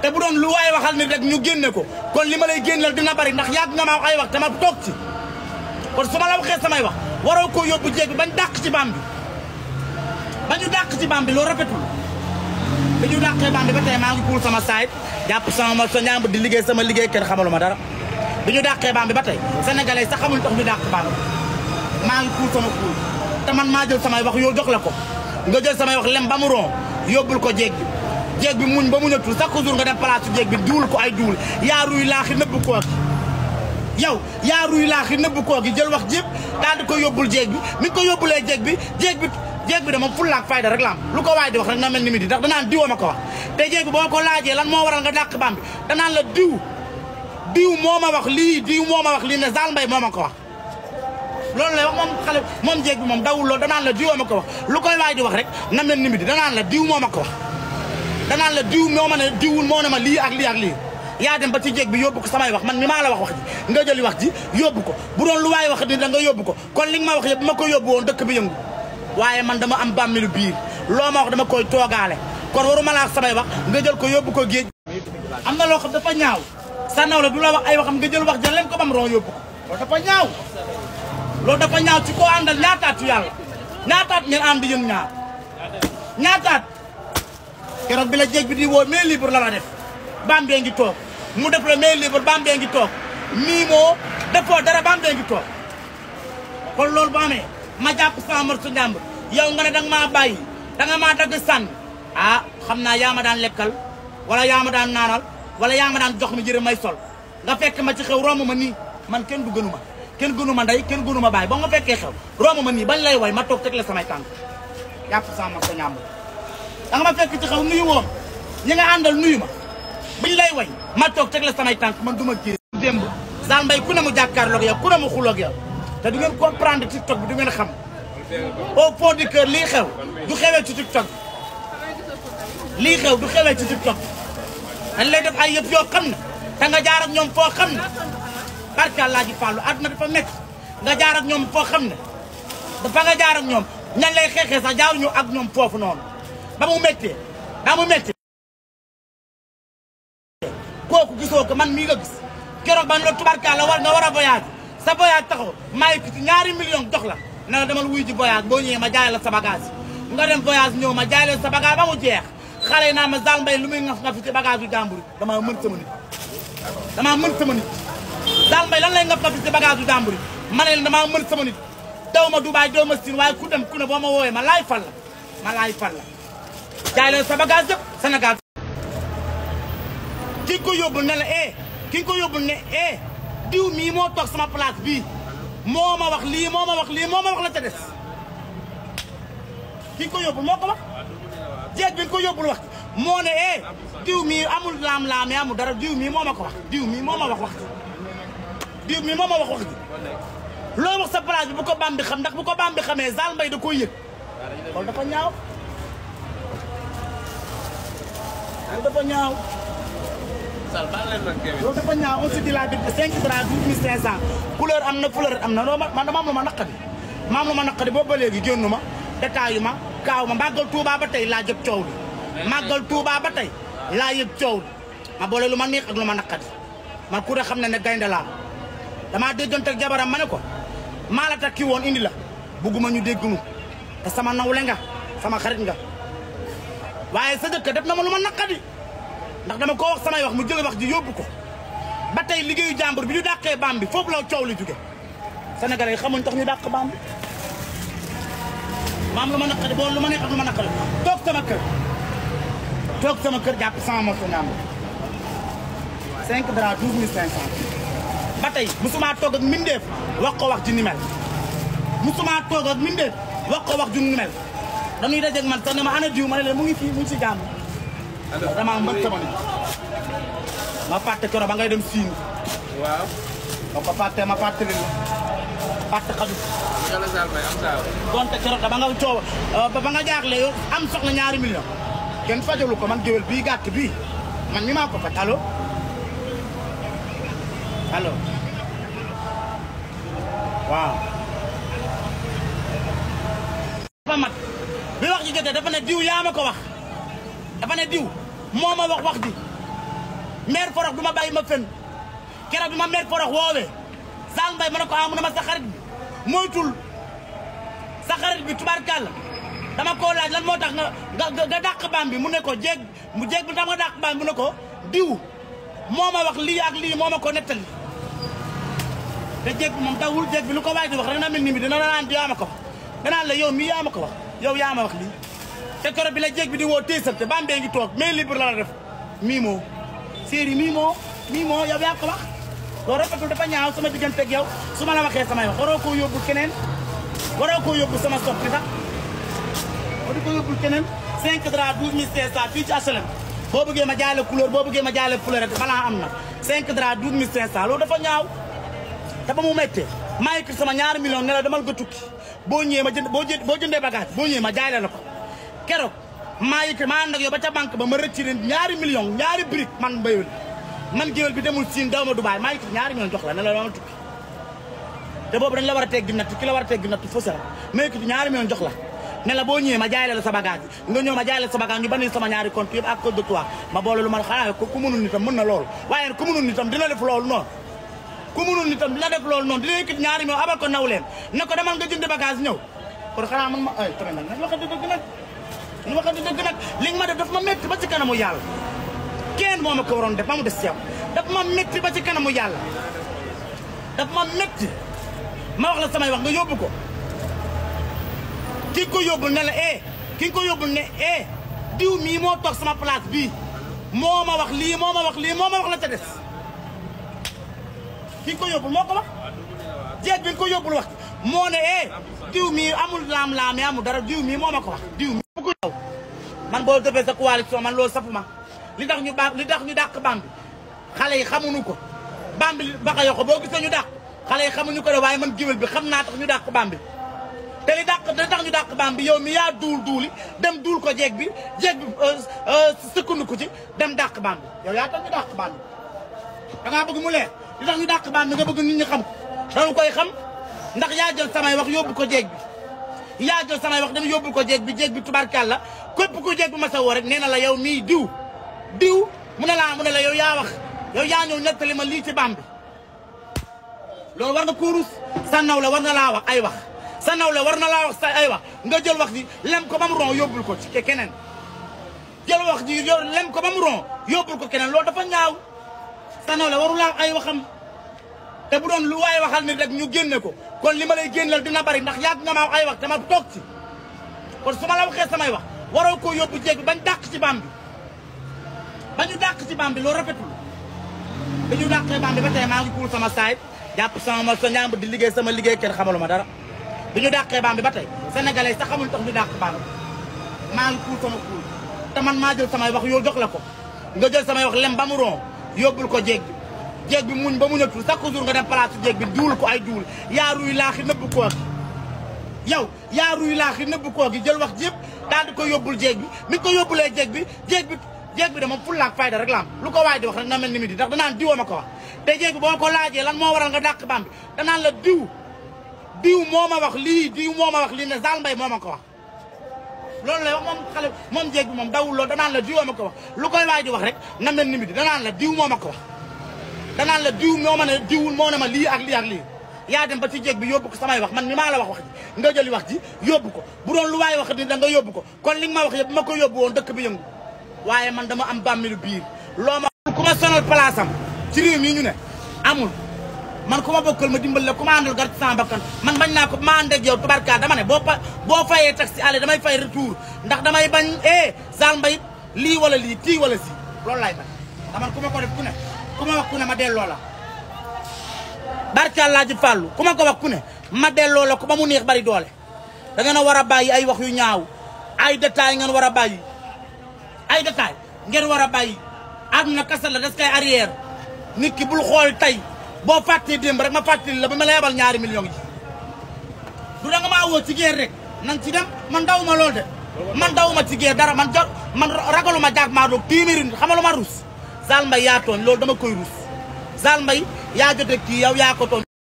te bu doon lu waay waxal nit rek ñu génne ko kon li ma lay génneel dina bari ndax yàgg nga ma wax ay wax dama toog ci kon su ma la waxee samay wax waroo koo yóbbu jéeg bi bañ dàq ci baam bi bañu dàq ci baam bi loolu rafetul bi ñu dàqee baam ba tey maa ngi kuul sama saayit jàpp sama ma sa ñaam di liggéey sama liggéey kenn ma dara bi ñu dàqee baam ba tey sénégalais sax xamul tax ñu dàq baam maa ngi kuul sama kuul te man maa jël samay wax yoo jox la ko nga jël samay wax lem ba mu ron yóbbul ko jéeg bi jéeg bi muñ ba muñatul chaque jour nga def place su jéeg bi duul ko ay duul yaa ruy laaxi nëbb kooki yow yaa ruy laaxi nëbb kooki jël wax jépp daal di ko yóbbul jéeg bi mi ngi ko yóbbulee jéeg bi jéeg bi jéeg bi dama fullaak fayda rek la lu ko waaj di wax rek na mel ni di ndax danaan diw ko wax jéeg bi ko laajee lan moo waral nga dàq baam la diw diw moo ma wax lii diw moo lii ne Zal Mbaye moo ma ko wax loolu lay wax moom xale moom jéeg bi moom dawul loolu danaan la diw a ko wax lu koy waay di wax rek na mel ni mi di danaan la diw moo ma ko wax danaan la diw moo ma ne diwul moo ne ma lii ak lii ak lii yaa dem ba ci jéeg bi yóbbu ko samay wax man mi maa la wax wax ji nga jëli wax ji yóbbu ko bu doon lu waay wax di da nga yóbbu ko kon li ma wax yëpp bu ma ko yóbbu woon dëkk bi yëngu waaye man dama am bàmmilu biir loo ma wax dama koy toogaale kon waruma laa samay wax nga jël ko yóbbu ko géej am na loo xam dafa ñaaw sa naw la du la wax ay waxam nga jël wax ja leen ko bam ron yóbbu ko loolu dafa ñaaw loolu dafa ñaaw ci koo àndal ñaataatu yàlla ñaataat ngeen ànd yéen ñaar ñaataat keroog bi la jéeg bi di wo main libre la ma def bambee ngi tok mu def la main libre bambee ngi tok mi mo defo dara bambee ngi tok kon loolu bamé ma jàpp Famara su ndamb yow nga ne danga maa bàyyi danga ma dag san ah xamna ya ma daan lekkal wala yaa ma daan nanal wala yaa ma daan jox mi jërë may sol nga fekk ma ci xew romb ma nii man kenn du gënuma kenn gënu ma kenn ba nga fekke xew romb ma nii bañ lay way ma tok tek la samay tank jàpp sama ko njàmb danga ma fekk taxaw nuyu woon ñi nga àndal nuyu ma biñ lay way ma toog teg la samay tànk man du ma kii démb Zale Mbaye ku ne mu jàkkaarloog yow ku ne mu xuloog yow te du ngeen comprendre TikTok bi du ngeen xam au fond du cœur lii xew du xewee ci TikTok bi lii xew du xewee ci TikTok bi dañ lay def ay yëpp yoo xam ne te nga jaar ak ñoom foo xam ne barke Allah ji fàllu àdduna dafa métti nga jaar ak ñoom foo xam ne dafa nga jaar ak ñoom ñan lay xeexee sax jaaruñu ak ñoom foofu noonu ba mu méttee ba mu méttee kooku gisoo ko man mii nga keroog man la tubarkaa a voyage sa voyage taxaw maay ci ñaari million jox la na la demal wuy ji voyage boo ñëwee ma jaay nga dem voyage ñëw ma jaay leen sa bagage ba jeex xale yi naa ma Zale Mbaye lu muy ngaf ngaf ci bagage yu damaa mën sama nit mën sama nit Zale Mbaye lan lay ngaf ngaf ci bagage yu jàmbur yi ma ne mën sama nit daw ma Dubaay daw ma Siin waaye ku dem boo ma woowee ma laay fal ma laay fal jaay leen sa bagage yëpp ko yóbbul na la eh ki ko yóbbul ne eh diw mii moo toog sama place bii moo ma wax lii moo ma wax lii moo la ca des ki ko yóbbul moo ko wax. jeeg bi ko yóbbul wax moo ne eh diw mii amul laam-laam amul dara diw mii moo ma ko wax diw mii moo ma wax wax diw mii moo ma wax wax ji loo wax sa place bi bu ko bambi xam ndax bu ko bambi xamee Zal Mbaye da koy yëg loolu dafa loolu dafa ñaaw. Sall baal leen nag Kébé. loolu dafa ñaaw on am na couleur am na non man dama am lu ma naqari. ma lu ma naqari boobu ba léegi génn ma détaillé ma kaaw ma màggal Touba ba tey laa jëb coow li. màggal Touba ba tey laa yëg coow li. ma boole lu ma neex ak lu ma naqari man ku ne xam na ne gaynde laa damaa déggoon jabaram ma ne ko maa la takki woon indi la bugguma ñu dégg ñu te sama nawle nga sama xarit nga. waaye sa jëkkër def na ma lu ma naqadi ndax dama ko wax samay wax mu jël wax ji yóbbu ko ba tey liggéeyu jàmbur bi ñu dàqee bam bi foofu la coow li jóge sénégalais yi xamuñ tax ñu dàq bam bi maam lu ma naqadi boo lu ma neex ak lu ma naqadi toog sama kër toog sama kër jàpp sama morso ñàmbur 5 dara 12500 ba tey musuma toog ak mbindeef wax ko wax ji ni mel musuma toog ak mbindeef wax ko wax ju ni dañuy dajeeg man sax ne ma ana diw ma leen mu ngi fii mu ngi si jàmm dama mën sama nit ma fàtte keroog ba ngay dem siin waaw ba ma fàtte leen fàtte xadu donte keroog dama nga euh, ba nga jaaxle yow am soxla ñaari million kenn fajalu ko man géwél bii gàtt bii man mi maa faj allo allo waaw wax ji jotee dafa ne diw yaa ma ko wax dafa ne diw moo ma wax wax ji maire forox du ma bàyyi ma fen keroog bi ma maire forox woowee Sall Mbaye ma ne ko ah mu ne ma sa xarit bi moytul sa xarit bi tubaarkàlla dama koo laaj lan moo tax nga nga nga dàq baam bi mu ne ko jéeg mu jéeg bi tam nga dàq baam bi mu ne ko diw moo ma wax lii ak lii moo ma ko nettali te jéeg bi moom dawul jéeg bi lu ko waay di wax rek na mel ni mi dina la naan yaa ma ko wax danaan la yow mii yaa ma ko wax yow yaa ma wax lii te koro bi la jéeg bi di woo téesante baam bee ngi toog mais libre la la def Mimo séeri Mimo Mimo yow yaa ko wax loolu rafetul dafa ñaaw sama diggante ak yow su ma la waxee samay wax waroo koo yóbbul keneen waroo koo yóbbul sama soppi sax waroo koo yóbbul keneen 5 draps 12500 fii ci HLM boo bëggee ma jaay la boo bëggee ma jaay la couleur rek balaa am na 5 draps 12500 loolu dafa ñaaw te mu méttee maa yëkkati sama ñaari million ne la demal nga boo ñëwee ma jënd boo jë boo jëndee bagage boo ñëwee ma jaay la ko keroog maa it maa ànd ak yow ba ca banque ba ma retiré ñaari million ñaari brique man mbayul man géwél bi demul siin daw ma Dubaay maa it ñaari million jox la la dama te boobu dañ la war a teggi ki la war a natt fausse la ma yëkkati ñaari million jox boo ñëwee ma jaay la sa bagage nga ñëw ma jaay la sa bagage ñu banil sama ñaari compte yëpp ak code de toi ma boole lu ma xanaa ku mënul mën na lool waaye ku mënul nitam dina def loolu noonu ku munul ni tam dina def loolu noonu dina yëkkati ñaari million abal ko naw leen na ko demal nga jënd bagage ñëw kon xanaa man ma ay tamit nag nañ waxante dëgg nag ñu def ma métti ba ci kanamu yàlla kenn moo ma ko waroon mu des yow daf ma métti ba ci kanamu yàlla daf ma métti ma wax la samay wax nga yóbbu ko ki ko yóbbul ne la eh ki ko yóbbul ne eh diw mii moo toog sama place bii moo ma wax lii moo ma wax lii moo ma wax la ca des ki ko yóbbul moo ko wax jeeg bi ko yóbbul wax moo ne eh diw mii amul laam-laam yi eh, amul dara diw mii moo ma ko wax diw mii bu ko yow man boo defee sa coalition man loolu safuma li tax ñu baax li tax ñu dàq Bambi xale yi xamuñu ko Bambi Bakayoko boo gisee ñu dàq xale yi xamuñu ko de waaye man géwél bi xam naa tax ñu dàq Bambi te li dàq li tax ñu dàq Bambi yow mi yaa duul duuli dem duul ko jeeg bi jeeg bi euh, euh, sëkkandu ko ci dem dàq Bambi yow yaa tax ñu li tax ñu dàq baat bi nga bëgg nit ñi xam dañu koy xam ndax yaa samay wax yóbbu ko jeeg bi yaa jël samay wax dem yóbbu ko jeeg bi jeeg bi tubarkàlla képp ku jeeg bi ma sa woo rek nee na la yow mii diw diw mu ne laa mu ne la yow yaa wax yow yaa ñëw nettali ma lii ci baam loolu war nga kuurus sa naw war na laa wax ay wax sa naw la war na laa wax sa ay wax nga jël wax ji lem ko ba mu ron yóbbul ko ci keneen jël ko ba ko keneen loolu dafa ñaaw Tanor la warul am ay waxam te bu doon lu waay waxal nit rek ñu génne ko kon li ma lay génneel dina bari ndax yàgg nga ma ay wax dama toog ci kon su ma samay wax waroo koo yóbbu jéeg bi bañ dàq ci baam bi ci baam bi loolu rafetul bi ñu dàqee bi ba tey maa ngi kuul sama saay jàpp sama ma sa ñaam di liggéey sama liggéey kenn xamaluma dara bi ñu dàqee baam bi ba tey sénégalais sax xamul tax ñu dàq baam bi maa ngi kuul sama kuul te man maa jël samay wax yow jox la ko nga jël samay wax lem ba mu ron yóbbul ko jéeg bi jeg bi muñ ba muñatul chaque jour nga dem place jéeg bi duul ko ay jul yaa ruy laaxi nëbb ko gi yow yaa ruy laaxi nëbb koo gi jël wax ji yëpp daal di ko yóbbul jéeg bi mi ko yóbbulee jéeg bi jéeg bi jéeg bi de moom fullaak fayda rek laam lu ko waay di wax rek na mel ni mi di ndax danaan diwoo ma ko wax te jeg bi boo ko laajee lan moo waral nga dàq bam bi danaan la diw diw moo ma wax lii diw moo ma wax lii ne Zal Mbaye moo ma ko wax loolu lay wax moom xale moom jéeg bi moom dawul loolu danaan la diw ma ko wax lu koy waay di wax rek na mel ni mi di danaan la diw moo ma ko wax danaan la diw moo ma ne diwul moo ne ma lii ak lii ak lii yaa dem ba ci jéeg bi yóbbu ko samay wax man mi maa la wax wax ji nga jëli wax ji yóbbu ko bu doon lu waay wax ni da nga yóbbu ko kon li ma wax yëpp bu ma ko yóbbu woon dëkk bi yëngu waaye man dama am bàmmilu biir loo ma ku ma sonal place am ci réew mi ñu ne amul man ku ma bokkal ma dimbal la ku ma àndal gar ci man bañ naa ko ma ànd ak yow tubarka dama ne boo boo fayee taxi aller damay fay retour ndax damay bañ eh Zal Mbaye lii wala lii tii wala si loolu laay bañ ndax man ku ma ko def ku ma wax ma delloo la barka laa ji fàllu ku ma ko wax ku ne ma delloo la ku ba mu neex bari doole danga ngeen a war a bàyyi ay wax yu ñaaw ay détails ngeen war a bàyyi ay détails ngeen war a bàyyi am na kasa la das kay ki bul xool tey boo fàttali démb rek ma fàttali la ba ma la yebal ñaari millions yi du da nga maa woo ci guerre rek na nga ci dem man daw lool de. man daw ma ci guerre dara man jo man ragalu ma jaag maa doog téeméeri nit xamaluma rus. Zal Mbaye yaa tooñ loolu dama koy rus Zal mbay yaa jote kii yow yaa ko tooñ.